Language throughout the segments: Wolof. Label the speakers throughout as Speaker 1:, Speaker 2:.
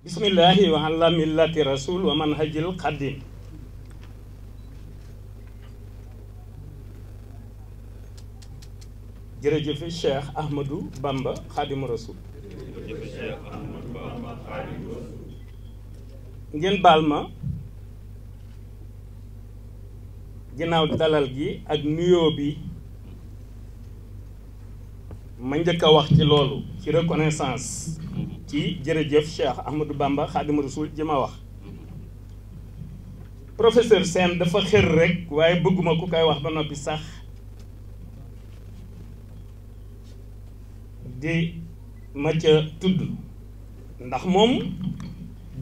Speaker 1: bismillahi wa ala millati rasul wa manhajil xadim jërëjëf Cheikh Ahmadou Bamba xaadimu rasul ngeen baal ma ginnaaw dalal gi ak nuyoo bi ma njëkk a wax ci loolu ci reconnaissance ci jërëjëf Cheikh Bamba Xaadimu Rasul ji ma wax professeur Sène dafa xër rek waaye bëgguma ku koy wax ba noppi sax di ma ca tudd ndax moom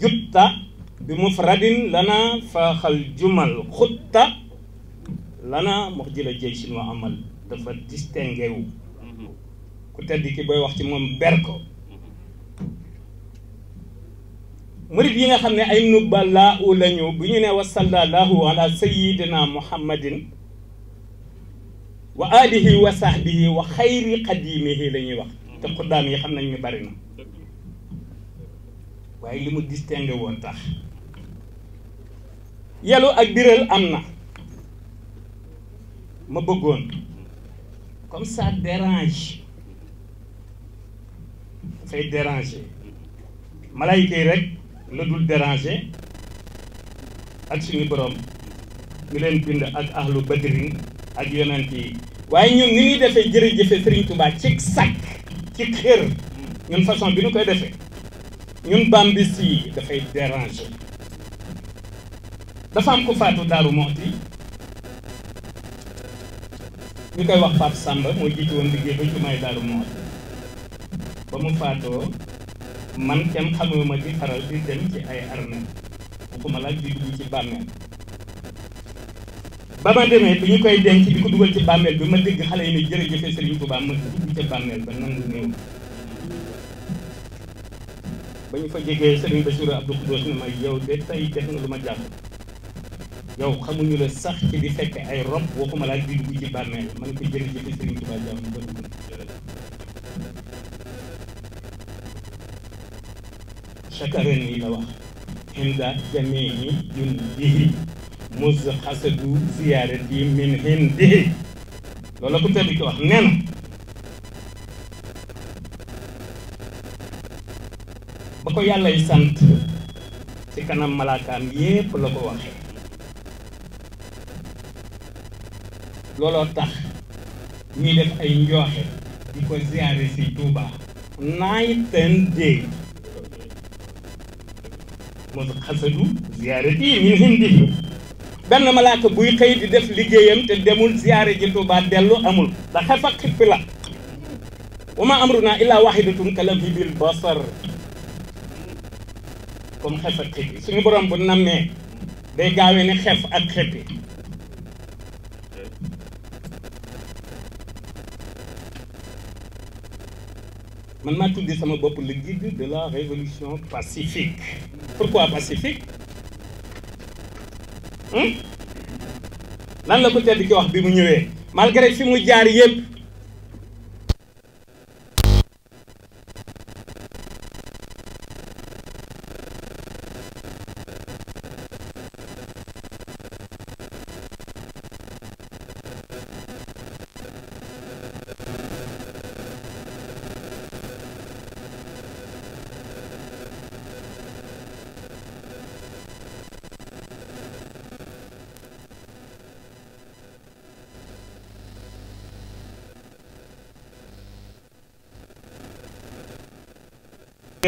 Speaker 1: jutta bi mufradin lana faaxal jumal xutta lana mox ji jëy wa amal dafa distingué wu mhm. ku tedd ki booy wax ci moom ber ko murit yi nga xam ne ay nubbalaa u lañu bu ñu ne wa sallallahu ala sayyidina muhammadin wa alihi wa sahbihi wa xayri qadimihi la ñuy wax te xuddaam yi xam nañ ñu bari na waaye li mu distingué woon tax yalu ak biral am na ma bëggoon comme ça dérange c'est dérangé malayka yi rek la dul dérangé ak suñu borom ñu leen bind ak ahlu badrin ak yonent yi waaye ñun ni ñuy defee jërëjëfe Serigne Touba ci sàkk ci xër ñun façon bi ñu koy defee ñun bambis yi dafay déranger dafa am ko faatu Daaru Moxti ñu koy wax Pape Samba mooy jiite woon liggéey ba may Daaru Moxti bamu faato faatoo man kenn xamuma di faral di dem ci ay arna ko ma la di dugg ci bàmmeel ba ma demee bi ñu koy denc di ko duggal ci bàmmeel bi ma dégg xale yi ne jërëjëfe Serigne Touba ma dugg ci bàmmeel ba nangu néew ba ñu fa jegee Serigne Bassirou Abdou Khoudoss ne ma yow de tey def nga lu ma jàpp yow xamuñu la sax ci di fekk ay rob waxuma laa di dugg ci ko ma ne ko jërëjëfe Serigne ba jàmm شكرني لوح عند جميع جنده مز حسد زيارتي من هنده لولا كنت بك wax nee ba ko yàllay sant ci kanam malaakaam yépp la ko waxee looloo tax ñuy def ay njooxe di ko ziyaare si Tuuba night and day moom xasadu ziyaarati min hindihi benn malaaka buy xëy di def liggéeyam te demul ziyaare ji Tuubaa dellu amul da xef ak xippi la wa ma amruna illa wahidatun kalamhi bil basar comme xef ak xippi suñu borom bu nammee day gaawee ne xef ak xippi man maa tuddee sama bopp le guide de la révolution pacifique pourquoi pacifique lan la ko tedd ki wax bi mu ñëwee malgré fi mu jaar yépp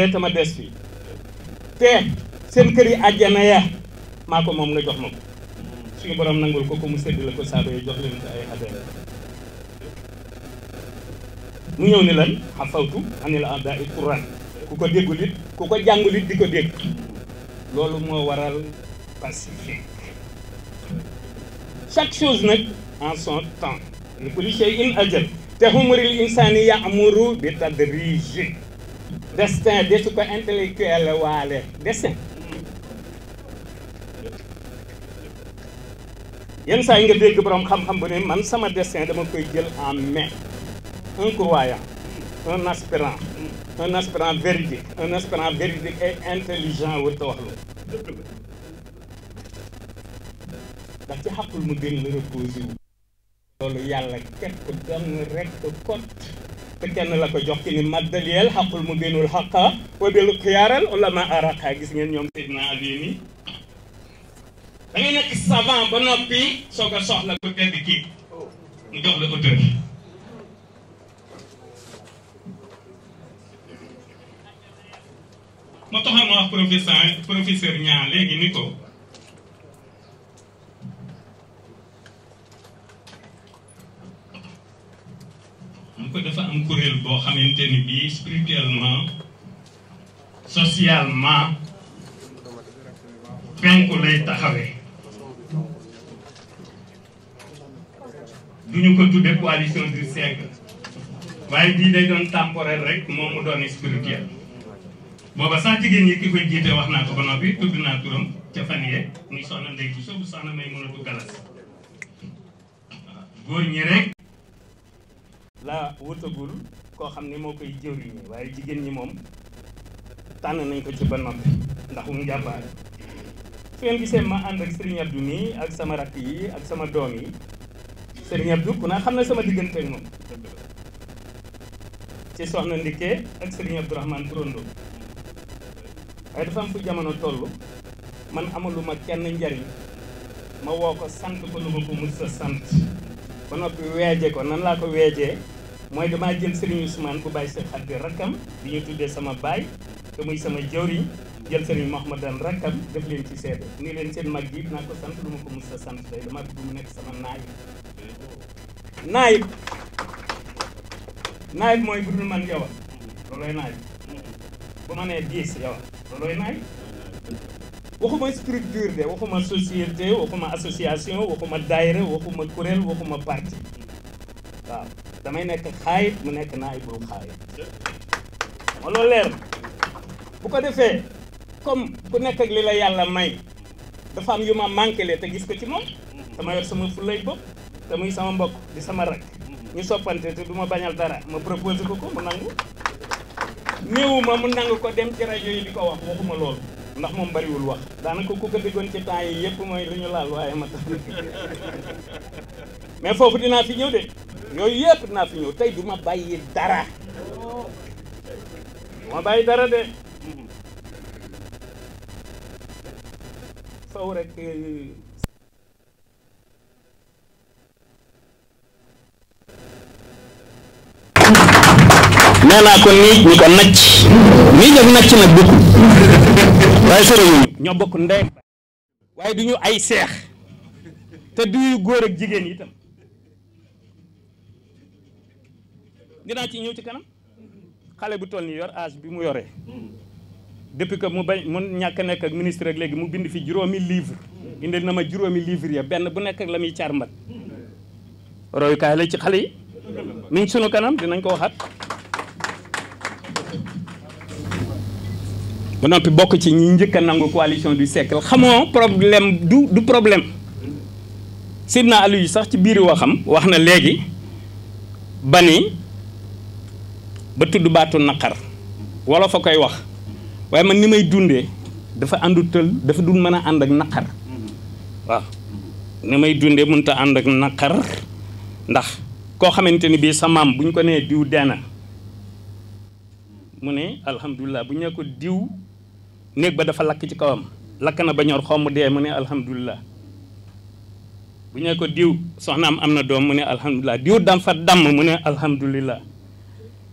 Speaker 1: tama dess fi té seen kër yi aljana ya mako mom nga jox mom suñu borom nangul ko ko mu sédd la ko saaba jox leen ko ay adé mu ñew ni lan hafawtu anil adai quran ku ko déggul ku ko jàngul it di dégg lolu mo waral pacifique chaque chose nak en son temps le policier in ajal tahumuril insani ya'muru bi tadrij destin desu ko intellectuel waale destin yenn saa yi nga dégg borom xam-xam bu ne man sama destin dama koy jël en main un croyant un aspirant un aspirant véridique un aspirant véridique et intelligent wërta wax lu ndax ci xàqul mu gën la reposé wu loolu yàlla képp doon rekk kot kenn la ko jox ci ni maddaliyel xaqul mu binul xaqa wa bil khiyaral ulama araka gis ngeen ñom sidna abi ni da ngay nek savant ba nopi soog a soxla ko tedd ki ñu jox la auteur moo taxoon ma wax professeur professeur ñaan legi ni ko xamante ni bii spirituellement socialement penku lay taxawee duñu ko tudde coalition du siècle waaye bii day doon temporaire rek moom mu doon spirituel booba sax jigéen ñi ki koy jiite wax naa ko ba noppi tudd naa turam ca fan yee muy soxna ndey bu soobu soxna may mënatu galas góor ñi rek ko xamne mo moo koy jëwriñee waye jigen ñi mom tan nañ ko ci ba noppi ndax mu jàmbaar su ngeen gisee ma and ak Serigne Abdou mi ak sama rak yi ak sama doom yi Serigne Abdou ku na xamne sama digënté ak moom ci soxna Ndike ak Serigne abdou rahman Trondo ay dafa am fu jamono tollu man amaluma kenn njariñ ma woo ko sant ko lu ma ko mës sa sant ba nopi weeje ko nan la ko weejee mooy damaa jël Serigne Ousmane bu bàyyi Seex Xaddi rakkam bi ñu tuddee sama baay te muy sama jawriñ jël Serigne Mouhamadan rakkam def leen ci seede ni leen seen mag yi naa ko sant lu ma ko mos a sant day damaa bëgg mu nekk sama naayib naayib naayib mooy bu dul man yow loolooy naayib bu ma nee diis yow loolooy naayib waxuma structure de waxuma société waxuma association waxuma daayira waxuma kuréel waxuma parti waaw damay nekk xaayit mu na ibu xaayit ma lo leer bu ko defé comme ku nek ak lila yalla may dafa am yuma ma manqué le te gis ko ci mom dama yor sama fulay bopp te muy sama mbok di sama rak ñu sopanté te duma ma bañal dara ma proposé ko ko mu nangu ñëwuma mu nangu ko dem ci radio yi diko wax waxuma lool ndax bari wul wax daanaka ku ko déggoon ci temps yi yépp moy luñu laal waye ma tax mais fofu dina fi ñew de yooyu yëpp naa fi ñëw tey du ma bàyyi dara du ma bàyyi dara de faw rek euh, nee naa ko nii ñu ko nacc nii ñëpp nacc nag bokk waaye sëriñ ñoo bokk ndey waaye du ñu ay seex te duyu góor ak jigéen itam dinaa ci ñëw ci kanam xale bu toll nii yor âge bi mu yoree depuis que mu bañ mu ñàkk nekk ak ministre rek léegi mu bind fi juróomi livre indil na ma juróomi livre ya benn bu nekk ak la muy caar mbat la ci xale yi mi ngi sunu kanam dinañ ko waxaat ba noppi bokk ci ñi njëkk a nangu coalition du siècle xamoo problème du du problème na Sidna yi sax ci biir waxam wax na léegi bani ba tudd nakar, nakar wala fa koy wax waye man nimay dundé dafa àndutal dafa dul mën and ak nakar waaw ni dundé munta and ak nakar ndax ko xamanteni ni sa mam buñ ko né diw dee mune alhamdullah ne ko diw nek ba dafa lak ci kawam lak na ba ñor xom dé mune alhamdullah buñ ko diw soxnam amna doom diw dam fa dam mune alhamdullah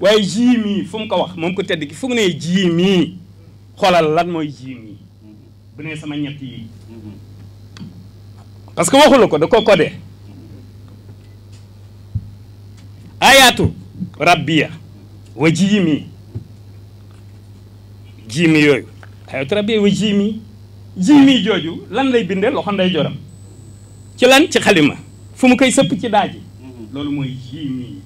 Speaker 1: waaye jii mii fu mu ko wax moom ko tedd ki fu mu ne xoolal lan mooy jii mii bu ne sama ñett yi parce que waxula ko da ko codé ayaatu rabbiya wa jii mii jii mii yooyu ayaatu rabbiya wa jii mii jooju lan lay bindee loo loxo nday joram ci lan ci xalima fu mu koy sëpp ci daaji loolu mooy jii mii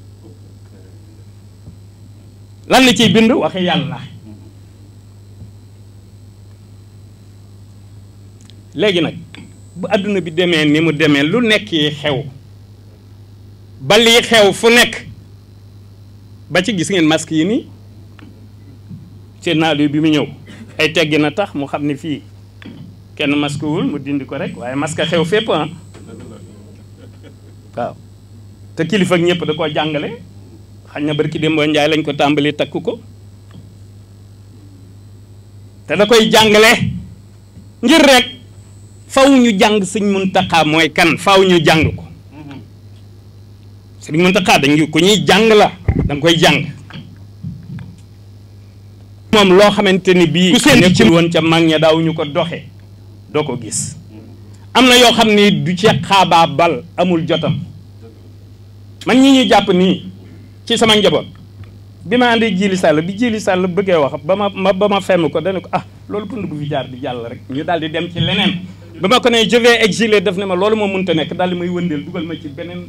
Speaker 1: lan la ciy bind waxi yàlla léegi nag bu àdduna bi demee ni mu demee lu nekk xew ba lii xew fu nekk ba ci gis ngeen mask yi nii seen naa bi mu ñëw ay teggi na tax mu xam ni fii kenn masque wul mu dindi ko rek waaye masque xew fépp ah waaw te kilifa ak ñëpp da koo jàngale xañ barki dembo nday lañ ko tambali takuko té da koy jangalé ngir rek faaw ñu jang Sing muntaka moy kan faaw ñu jang ko señ muntaka dañ ko ñi jang la dang koy jàng nekkul won ca magña daw ñu ko gis am yo xamni du ci xaba bal amul jotam man ñi ñu japp ni ci sama njaboot bi ma àndee Jili Sall bi Jili Sall bëggee wax ba ma ma ba ma fenn ko dana ko ah loolu pënd bu fi jaar di jàll rek ñu daal di dem ci leneen ba ma ko ne je vais def ne ma loolu moo mënta nekk daal di may wëndeel dugal ma ci beneen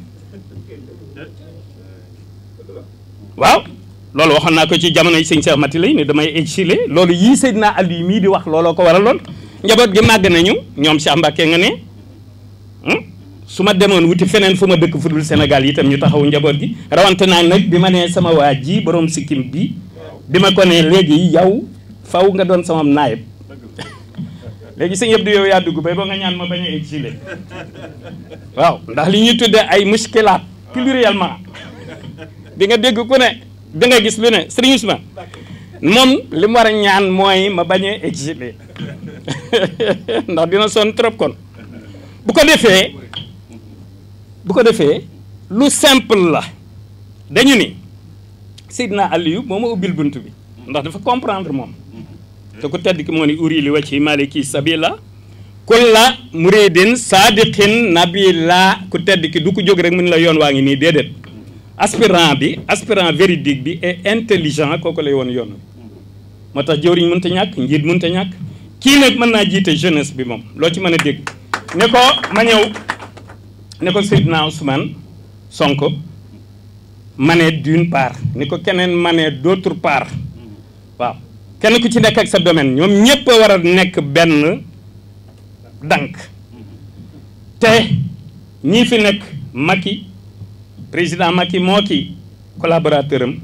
Speaker 1: waaw loolu waxoon naa ko ci jamonoy sëñ Cheikh Mati lay ne damay exiler loolu yii Seydina Aliou mii di wax looloo ko waraloon njaboot gi màgg nañu ñoom Cheikh Mbacke nga ne hmm? suma demone wuti fenen fuma dekk football senegal dul Sénégal itam ñu taxaw njabot gi rawante nak bima ne sama waji borom sikim bi bima ko ne legi yow faaw nga don sama naib legi seigne Abdou yow ya dugg bay bo nga ñaan ma baña a exilé waaw ndax li ñuy tudde ay mushkilat pluriellement bi nga degg ku ne bi nga gis lu ne sëriñ Ousmane mom lim wara ñaan moy ma baña ndax dina son trop kon bu ko defé bu ko defee lu simple la dañu ni Seydina Aliou moo ma ubbil bunt bi ndax dafa comprendre moom te ku tedd ki moo ni uri li wacci maliki sabila kulla muridin sadiqin nabila ku tedd ki du ko jóg rek mu ni la yoon waa ngi nii déedéet aspirant bi aspirant véridique bi et intelligent kooku lay woon yoon moo tax jëwriñ mënut a ñàkk njiit mënut a ñàkk kii nag mën naa jiite jeunesse bi moom loo ci mën a dégg ne ko ma ñëw ni ko Seydina Ousmane Sonko manee d'une part ni ko keneen manee d'autre part waaw kenn ku ci nekk ak sa domaine ñoom ñëpp a war a nekk benn dànk te ñii fi nekk Macky président Macky moo ki collaborateur am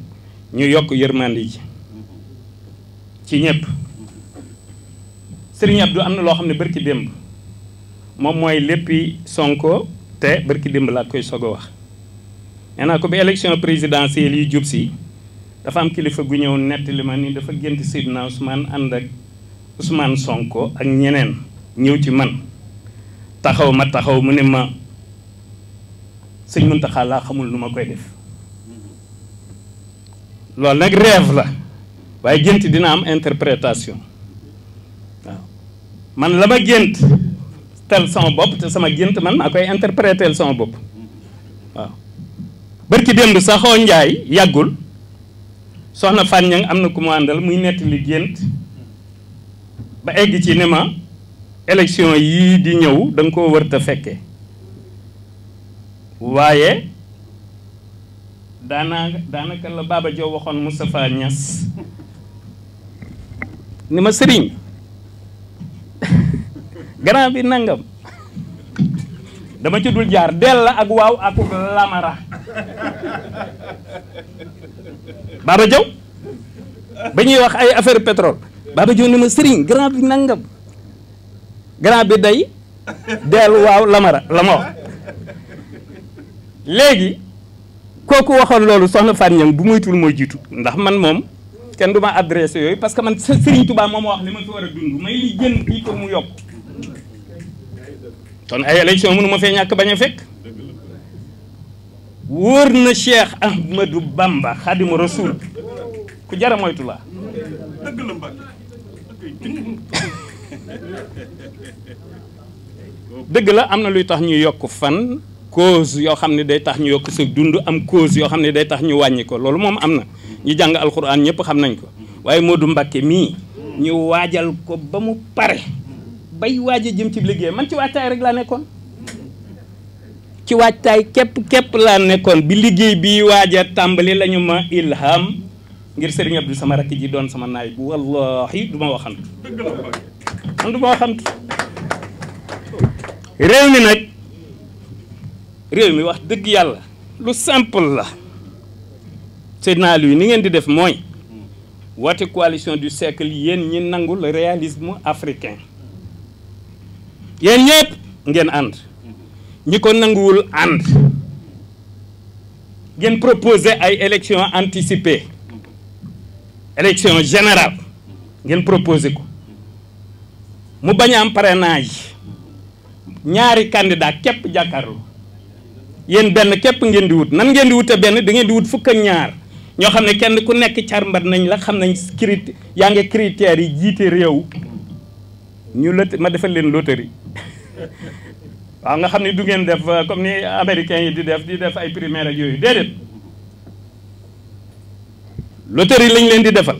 Speaker 1: ñu yokk yërmande ji ci ñëpp Serigne Abdou am na loo xam ne barki démb moom mooy léppi Sonko te barki dimb laa koy soog wax nee naa ko bi élection présidentielle yi jub si dafa am kilifa gu ñëw nettali ma ni dafa gént Sidna Ousmane ànd ak Ousmane Sonko ak ñeneen ñëw ci man taxaw ma taxaw mu ne ma sëñ Muntaxa laa xamul nu ma koy def loolu nag rêve la waaye gént dina am interprétation waaw man la ma gént tel sama bopp te sama gént man maa koy interpréter sama bopp waaw bërki démb saxoo njaay yàggul soxna Fane Niang am na ku mu àndal muy nettali gént ba egg ci ne ma élection yii di ñëw da nga koo wërta fekke waaye daanaka daanaka la Baba joo waxoon Moustapha Niass ni ma sëriñ grand bi nangam dama ci dul jaar del la ak waw ak lamara baba jow bañuy wax ay affaire pétrole baba jow ni ma serigne grand bi nangam grand bi day del waaw lamara la ma wax léegi kooku waxoon loolu soxna fanyam bu tul moy jitu ndax man mom kenn duma adresser yoy parce que man Serigne Touba mom wax li ma fi wara dundou may li jeun ki ko mu yokk ton ay élection mënu ma fe ñak baña fek fekk cheikh ahmadou bamba khadim rasoul ku jara moytu la deug la la amna luy tax ñu yok fan cause yo xamni day tax ñu yok sa dund am cause yo xamni day tax ñu wañi ko lolu mom amna. ñi jang alcorane ñepp xam nañ ko waye Modou Mbacke mi ñu wajal ko ba mu pare bay waji jëm ci liggéey man ci waajtaay rek la nekkon ci waajtaay kep kep la nekkon bi liggéey bi waja tambali lañu ma ilham ngir Serigne Abdou sama rakk ji doon sama nay bu wallahi duma waxant man duma waxant rew mi nak rew mi wax deug yalla lu simple la Seydina lu ni ngeen di def moy wati coalition du siècle yéen ñi nangul réalisme africain yéen ñëpp ngeen ànd ñi ko nanguwul ànd ngeen proposer ay élection anticipée élection général ngeen proposer ko mu bañ a am parrainage ñaari candidat képp jàkkaarloo yéen benn képp ngeen di wut nan ngeen di wute benn da ngeen di wut fukk ak ñaar ñoo xam ne kenn ku nekk carmbat nañ la xam nañ critères yaa ngi critères yi jiite réew ñu lot ma defal leen loterie waaw nga xam ne du ngeen def euh, comme ni américains yi di def di def ay primaire ak yooyu déedéet loterie lañ leen di defal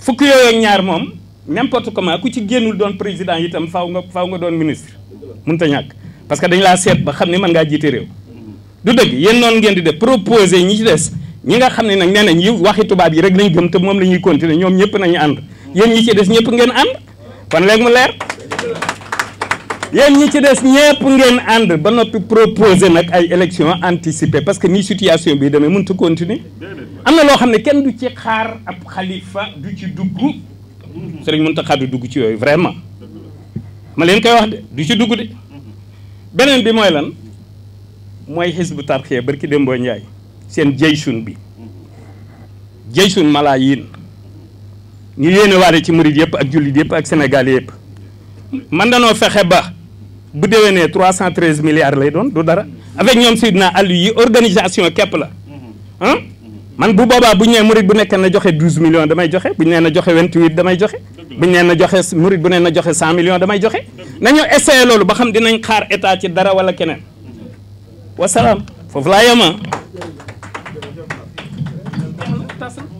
Speaker 1: fukk yooyu ak ñaar moom n'importe comment ku ci génnul doon président itam faw nga faw nga doon ministre mënut te ñàkk parce que dañ laa seet ba xam ne mën ngaa jiite réew du dëgg yéen noonu ngeen di def proposé ñi ci des ñi nga xam ne nag nee nañ yi waxi tubaab yi rek lañ gëm te moom la ñuy continuer ñoom ñëpp nañu ànd yéen ñi ci des ñëpp ngeen ànd kon léegi yéen ñi ci des ñëpp ngeen ànd ba noppi proposer nag ay élections anticipées parce que nii situation bi demee mënut a continuer am na loo ne kenn du ci xaar ab khalifa du ci dugg sëriñ Mountakha du dugg ci yooyu vraiment ma leen koy wax de du ci dugg de beneen bi mooy lan mooy Hizbut Tarqiyyah barki Dembo Ndiaye seen jeysun bi jeysun malaa yiin ñu yéene waale ci murid yëpp ak jullit yëpp ak Sénégal yëpp man danoo fexe ba bu déwénee trois cent treize milliards lay doon du dara avec ñoom Seydina Aliou yi organisation kepp la ah man bu boobaa bu ñu nee murit bu nekk na joxe douze million damay joxe bu ñu nee na joxe vingt-huit damay joxe bu ñu joxe murit bu nee na joxe cent millions damay joxe nañu essayé loolu ba xam dinañ xaar état ci dara wala keneen wasalaam foofu laa yema